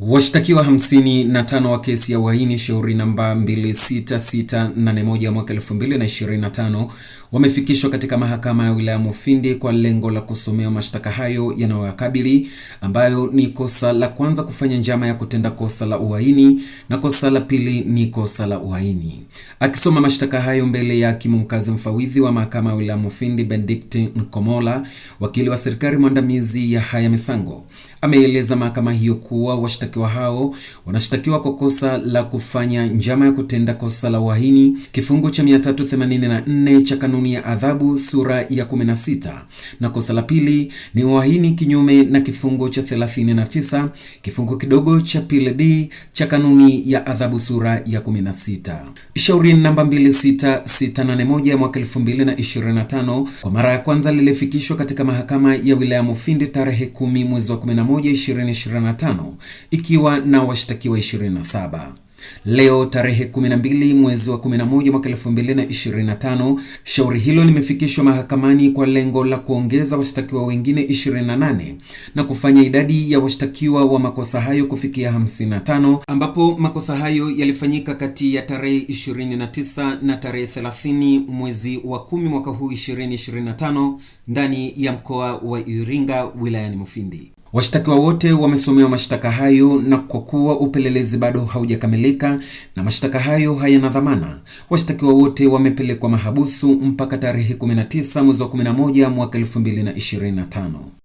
Washtakiwa 55 wa kesi ya uhaini shauri namba 26681 mwaka 2025 wamefikishwa katika mahakama ya wilaya Mufindi kwa lengo la kusomewa mashtaka hayo yanayowakabili ambayo ni kosa la kwanza kufanya njama ya kutenda kosa la uhaini na kosa la pili ni kosa la uhaini. Akisoma mashtaka hayo mbele ya hakimu mkazi mfawidhi wa mahakama ya wilaya Mufindi Benedict Nkomola, wakili wa serikali mwandamizi haya Misango ameeleza mahakama hiyo kuwa washtakiwa washtakiwa hao wanashtakiwa kwa kosa la kufanya njama ya kutenda kosa la uhaini, kifungu cha 384 cha kanuni ya adhabu sura ya 16, na kosa la pili ni uhaini kinyume na kifungu cha 39 kifungu kidogo cha pili d cha kanuni ya adhabu sura ya 16. Shauri namba 26681 mwaka 2025 kwa mara ya kwanza lilifikishwa katika mahakama ya wilaya Mufindi tarehe 10 mwezi wa 11 2025 ikiwa na washtakiwa 27. Leo tarehe 12 mwezi wa 11 mwaka 2025, shauri hilo limefikishwa mahakamani kwa lengo la kuongeza washtakiwa wengine 28 na kufanya idadi ya washtakiwa wa makosa hayo kufikia 55, ambapo makosa hayo yalifanyika kati ya tarehe 29 na tarehe 30 mwezi wa 10 mwaka huu 2025 ndani ya mkoa wa Iringa wilayani Mufindi. Washtakiwa wote wamesomewa mashtaka hayo na kwa kuwa upelelezi bado haujakamilika na mashtaka hayo hayana dhamana, washtakiwa wote wamepelekwa mahabusu mpaka tarehe 19 mwezi wa 11 mwaka 2025.